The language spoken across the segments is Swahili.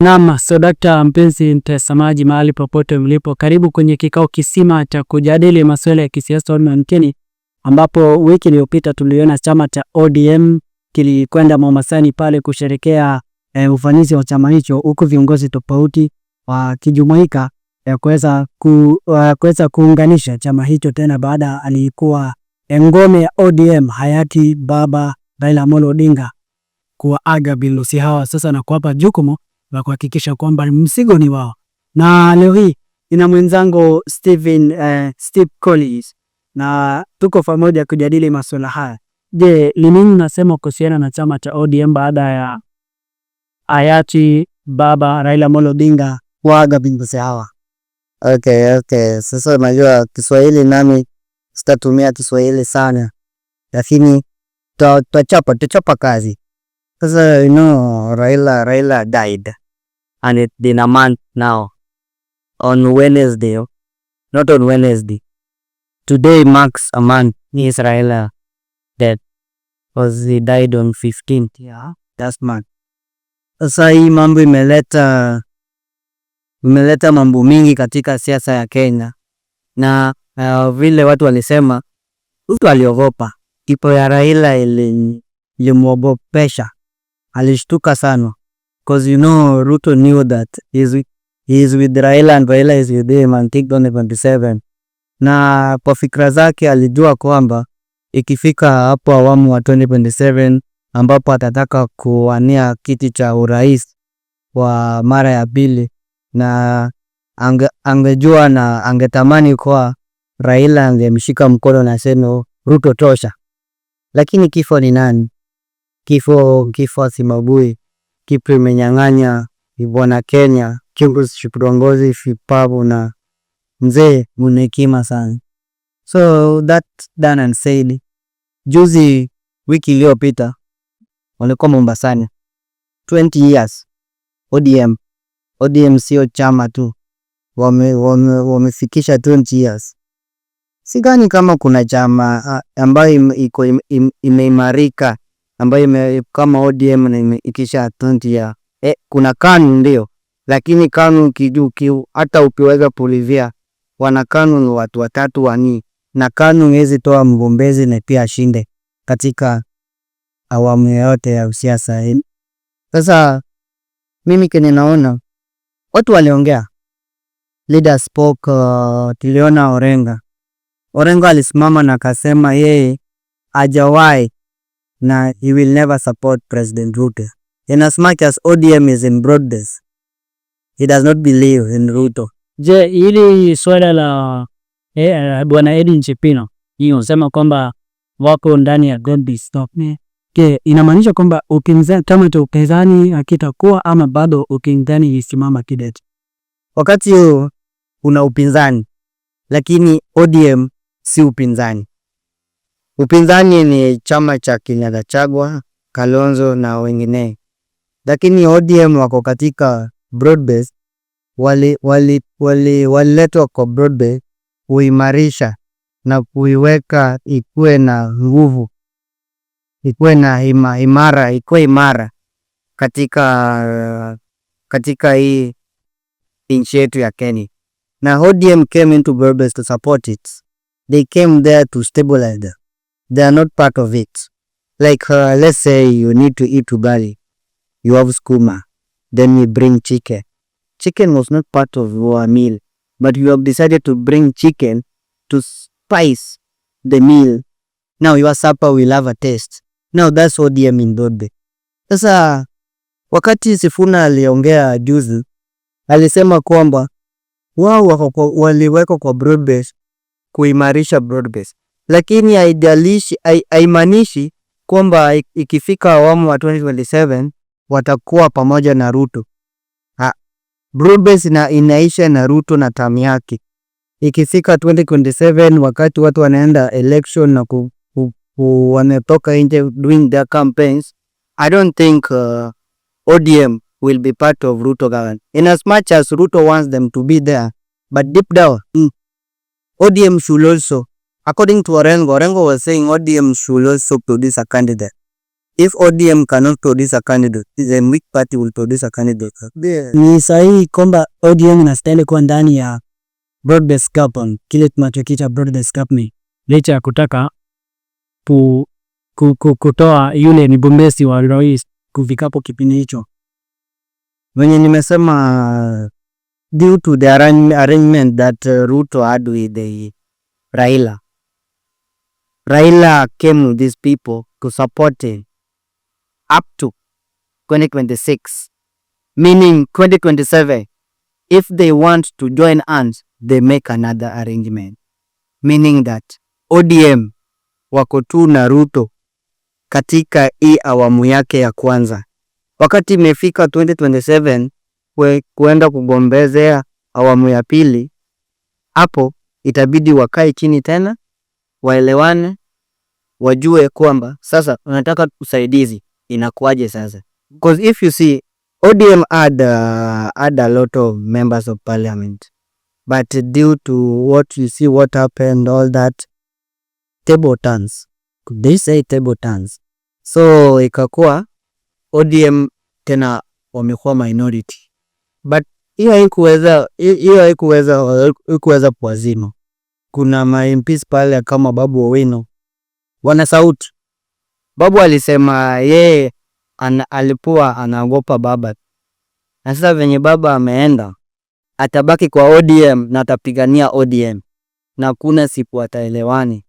Naam, so dakta, mpenzi mtazamaji, mahali popote mlipo, karibu kwenye kikao kisima cha kujadili masuala ya kisiasa humu ambapo wiki iliyopita tuliona chama cha ODM kilikwenda Mombasani pale kusherekea e, ufanisi wa chama hicho, huku viongozi tofauti wakijumuika eh, kuweza ku, eh, kuunganisha chama hicho tena baada alikuwa ngome ya ODM hayati baba Raila Amolo Odinga aga bilusi hawa sasa na kuwapa jukumu wa kuhakikisha kwamba msigo ni wao. Na leo hii nina mwenzangu Steven uh, Steve Collins na tuko pamoja kujadili masuala haya. Je, ni nini nasema kuhusiana na chama cha ODM baada ya hayati baba Raila Amolo Odinga waaga viongozi hawa? Okay, okay. Sasa unajua Kiswahili nami sitatumia Kiswahili sana, lakini tutachapa tutachapa kazi. Sasa you know, Raila Raila died and it's been a month now. On Wednesday, not on Wednesday, today marks a month in Israel that was he died on 15th yeah, that's month. Sasa hii mambo imeleta imeleta mambo mingi katika siasa ya Kenya na uh, vile watu walisema mtu aliogopa. kipo ya Raila ilimwogopesha, alishtuka sana. Because you know, Ruto knew that he's with, he's with Raila and Raila is with him and think on 27. Na kwa fikra zake alijua kwamba ikifika hapo awamu wa 2027 ambapo atataka kuwania kiti cha urais wa mara ya pili, na ange, angejua na angetamani kwa Raila angemshika mkono na seno oh, Ruto tosha, lakini kifo ni nani? Kifo kifo Simagui Kipre imenyanganya ibwana Kenya kiongozi kiongozi shupavu na mzee mwenye hekima sana. So that done and said, juzi wiki iliyopita walikuwa Mombasani 20 years ODM. ODM sio chama tu, wamefikisha wame, wame 20 years. Sidhani kama kuna chama ah, ambayo iko imeimarika ambayo kama ODM imeikisha akaunti ya eh, kuna KANU ndio, lakini KANU kijuu kiu, hata ukiweza pulivia wana KANU ni watu watatu wani, na KANU hizi toa mgombezi na pia ashinde katika awamu yote ya usiasa. Eh. Sasa mimi kene naona watu waliongea, leader spoke. Uh, tuliona Orenga Orenga alisimama na akasema yeye ajawahi na he will never support President Ruto. In as much as ODM is in broadness, he does not believe in Ruto. Je, hili swala la eh, Bwana Edwin Chipino sema kwamba wako ndani ya Je, inamaanisha kwamba chama cha upinzani akitakuwa ama bado upinzani isimama kidete? Wakati huu una upinzani, lakini ODM si upinzani. Upinzani ni chama cha kina chagwa Kalonzo na wengine, lakini ODM wako katika broad base, waliletwa kwa broadbase kuimarisha na kuiweka ikuwe na nguvu, ikuwe na ima, imara, ikuwe imara katika, katika hii nchi yetu ya Kenya. Na ODM came into broad to support it. They came there to stabilize them they are not part of it. Like uh, let's say you need to eat ugali, you have skuma, then you bring chicken. Chicken was not part of our meal, but you have decided to bring chicken to spice the meal. Now your supper will have a taste. Now that's ODM in Dobe. Sasa wakati Sifuna aliongea juzi, alisema kwamba wao waliwekwa kwa broad base kuimarisha broad base lakini haijalishi haimaanishi kwamba ikifika awamu wa 2027 watakuwa pamoja na Ruto. Ha, Brubes na inaisha na Ruto na tamu yake. Ikifika 2027 wakati watu wanaenda election na ku, ku, ku wanatoka nje doing their campaigns, I don't think uh, ODM will be part of Ruto government. In as much as Ruto wants them to be there, but deep down, mm, ODM should also According to Orengo, Orengo was saying ODM should also produce a candidate. If ODM cannot produce a candidate, then which party will produce a candidate? Ni sahihi kwamba ODM inastahili kuwa ndani ya broad based government, kile tunachokiita broad based government, licha ya kutaka ku, ku, ku, kutoa yule ni bombesi wa rais kufikapo kipindi hicho venye nimesema due to the arrangement that Ruto had with the Raila Raila came these people to support him up to 2026 meaning 2027 if they want to join hands they make another arrangement meaning that ODM wako tu na Ruto katika hii awamu yake ya kwanza. Wakati imefika 2027 we kuenda kugombezea awamu ya pili, hapo itabidi wakae chini tena waelewane, wajue kwamba sasa unataka usaidizi inakuaje sasa, because if you see ODM had, uh, had a lot of members of parliament but due to what you see what happened all that table turns could they say table turns so ikakuwa ODM tena wamekuwa minority but hiyo haikuweza hiyo haikuweza kuwazima kuna ma MPs pale kama Babu Owino wana sauti. Babu alisema yeye ana, alikuwa anaogopa baba, na sasa venye baba ameenda atabaki kwa ODM na atapigania ODM na kuna siku ataelewani.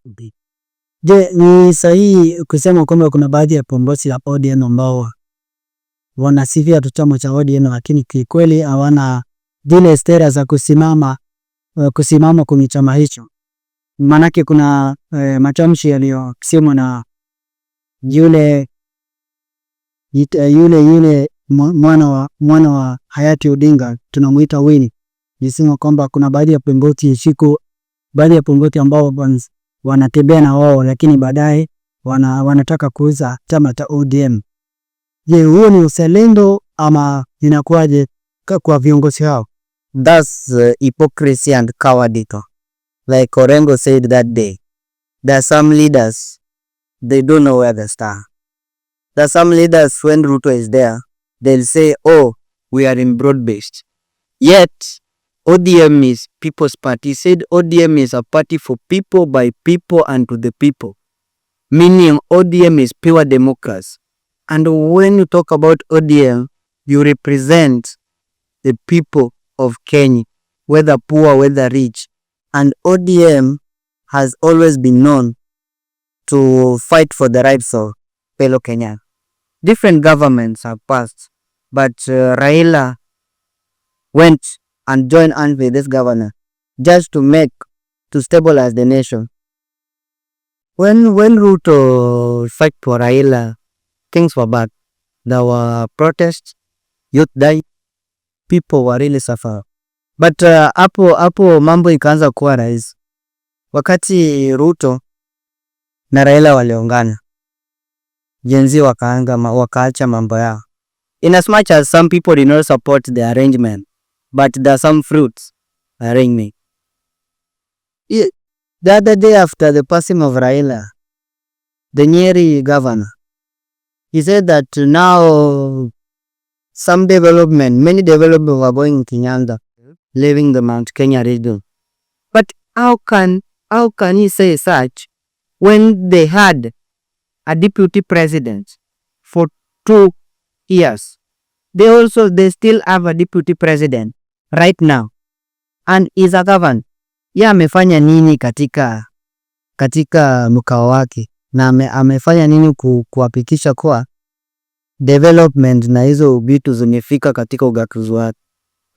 Je, ni sahihi kusema kwamba kuna baadhi ya pombosi ya ODM ambao wanasifia tu chama cha ODM lakini kikweli hawana zile stera za kusimama eh, kusimama kwenye chama hicho? Maanake kuna e, matamshi yaliyosemwa na yule eh, yule yule mwana wa, mwana wa hayati Odinga tunamuita Wini, nisema kwamba kuna baadhi ya pongoti siku baadhi ya pongoti ambao wanatembea na wao lakini baadaye wana, wanataka kuuza chama cha ODM. Je, huo ni uselendo ama inakuwaje kwa viongozi hao? That's uh, hypocrisy and cowardice. Like Orengo said that day, there are some leaders, they don't know where they stand. There are some leaders, when Ruto is there, they'll say, oh, we are in broad-based. Yet, ODM is People's Party. He said ODM is a party for people, by people, and to the people. Meaning ODM is pure democracy. And when you talk about ODM, you represent the people of Kenya, whether poor, whether rich and ODM has always been known to fight for the rights of fellow Kenyans. Different governments have passed, but uh, Raila went and joined hands with this governor just to make, to stabilize the nation. When, when Ruto fight for Raila, things were bad. There were protests, youth died, people were really suffering. But uh, hapo uh, hapo mambo ikaanza kuwa rahisi wakati Ruto na Raila waliongana, jenzi wakaanga ma, wakaacha mambo yao. In as much as some people did not support the arrangement but there are some fruits arrangement. The other day after the passing of Raila, the Nyeri governor, he said that now some development, many development were going in Kinyanda leaving the Mount Kenya region. But how can, how can he say such when they had a deputy president for two years? They also, they still have a deputy president right now and is a governor. Ya amefanya nini katika, katika mkao wake na ame, amefanya nini ku, kuhakikisha kuwa development na hizo vitu zimefika katika ugatuzi wake?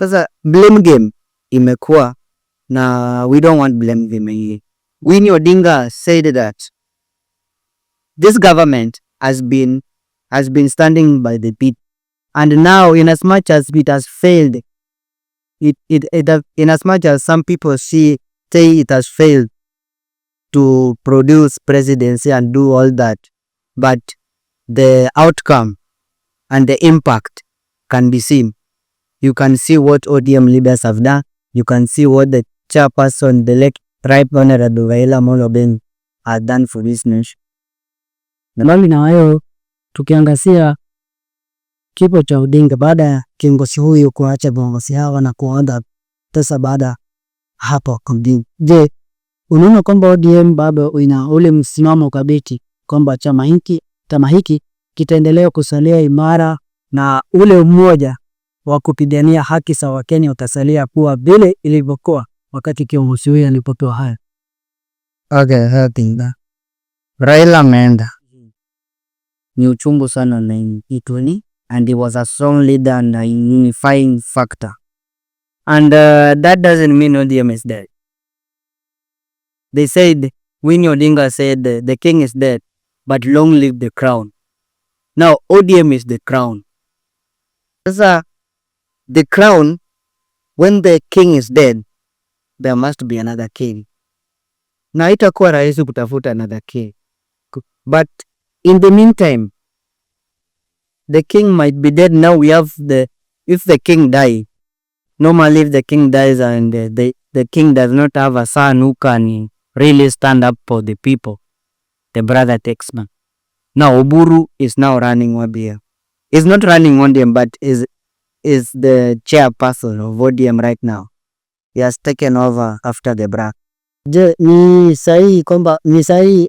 Sasa blame game imekuwa na we don't want blame game hii. Winnie Odinga said that this government has been has been standing by the pit and now in as much as it has failed it, it, it in as much as some people see say it has failed to produce presidency and do all that but the outcome and the impact can be seen You can see what ODM leaders have done. You can see what the chairperson, the late Right Honorable Raila Amolo Odinga has done for this nation. Mbali na hayo, tukiangazia kipo cha Odinga baada ya kiongozi huyu kuacha viongozi hawa na kuanza sasa baada hapo kundi. Je, unaona kwamba ODM bado ina ule msimamo kabiti kwamba chama hiki chama hiki kitaendelea kusalia imara na ule umoja wa kupigania haki za Wakenya utasalia kuwa vile ilivyokuwa wakati kiongozi huyo alipopewa haya. Okay, hatinda. Raila ameenda. Ni uchungu sana na ituni and he was a strong leader and a unifying factor. And uh, that doesn't mean ODM is dead. They said Winnie Odinga said uh, the king is dead but long live the crown. Now ODM is the crown. Sasa The crown when the king is dead there must be another king, na haitakuwa rahisi kutafuta another king, but in the meantime the king might be dead now we have the if the king die normally if the king dies and the, the king does not have a son who can really stand up for the people the brother takes man now Oburu is now running Wabia he's not running them, but is is the chairperson of ODM right now. He has taken over after the BRAC. Je, ni sahihi kwamba ni sahihi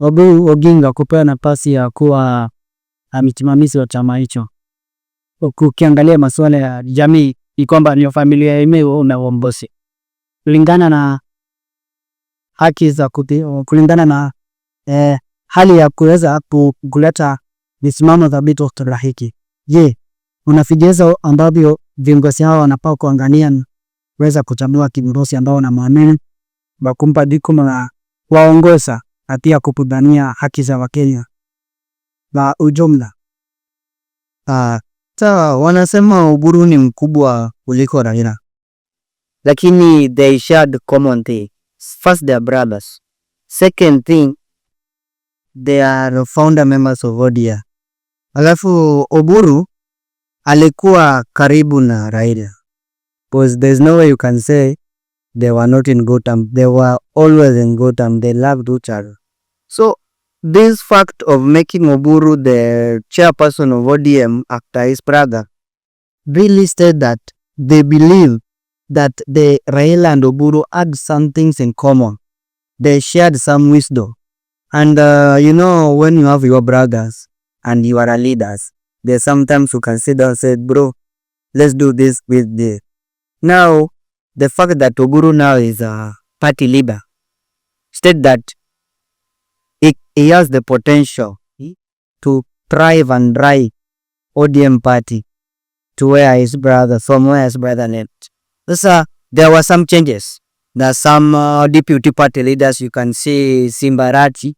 Oburu Oginga kupewa nafasi ya kuwa amitimamisi wa chama hicho? Ukiangalia masuala ya jamii ni kwamba ni familia imeo na uongozi kulingana na haki za kulingana na eh, hali ya kuweza kuleta misimamo thabiti wa hiki. Je, kuna vigezo ambavyo viongozi hao wanafaa kuangalia kuweza kuchagua kiongozi ambao wanaamini na kumpa jukumu la kuwaongoza na pia kupigania haki za Wakenya na ujumla. Ah, sawa, wanasema Uhuru ni mkubwa kuliko Raila, lakini they shared common thing. First, they are brothers. Second thing, they are founder members of ODM. Alafu Uhuru alikuwa karibu na Raila because there's no way you can say they were not in good They were always in good terms. They loved each other. So this fact of making Oburu the chairperson of ODM after his brother really said that they believe that the Raila and Oburu had some things in common. They shared some wisdom. And uh, you know, when you have your brothers and you are leaders, There sometimes you can said bro, let's do this with this. Now, the fact that Oguru now is a party leader, state that he, he has the potential to thrive and drive ODM party to where his brother, from where his brother left. Sasa, there were some changes. There some uh, deputy party leaders, you can see Simbarati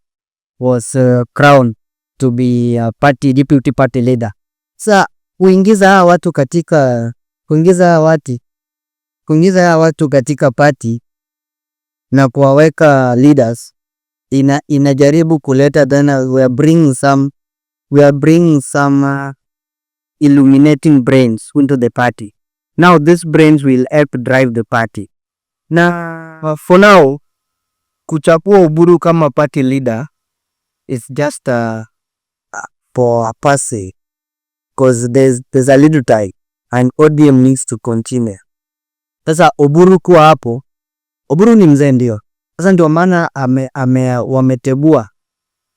was uh, crowned to be a party deputy party leader. Sa kuingiza hawa watu katika kuingiza hawa watu kuingiza hawa watu katika party na kuwaweka leaders ina, inajaribu kuleta dhana we are bringing some we are bringing some uh, illuminating brains into the party. Now these brains will help drive the party. Na uh, for now kuchapua Uburu kama party leader is just a uh, for a se because there's, there's a little time and ODM needs to continue. Sasa Oburu kuwa hapo, Oburu ni mzee ndio. Sasa ndio maana ame, ame, wametebua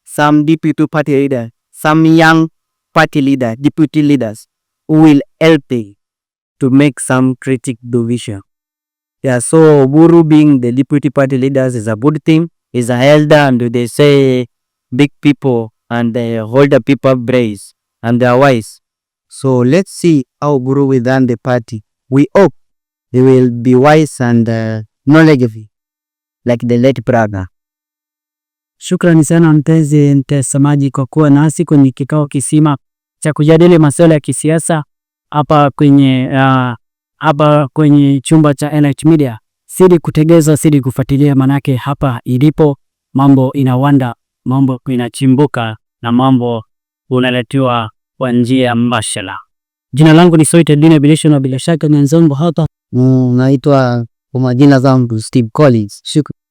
some DP2 party leader, some young party leader, deputy leaders who will help to make some critic division. Yeah, so Oburu being the deputy party leaders is a good thing. Is a elder and they say big people and they hold the people brace and they are wise. So let's see how Guru will run the party. We hope they will be wise and uh, knowledgeable like the late Praga. Shukrani sana mpenzi mtazamaji kwa kuwa nasi kwenye kikao kisima cha kujadili masuala ya kisiasa hapa kwenye uh, hapa uh, kwenye chumba cha NH Media. Sidi kutegeza, sidi kufuatilia, manake hapa ilipo mambo inawanda mambo inachimbuka na mambo unaletiwa kwa njia mbashala. Jina langu ni Soitedine Bilisho na bila shaka ni hata mm, naitwa kwa majina zangu Steve Collins. Shukrani.